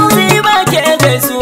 Zuba ke gaisuwa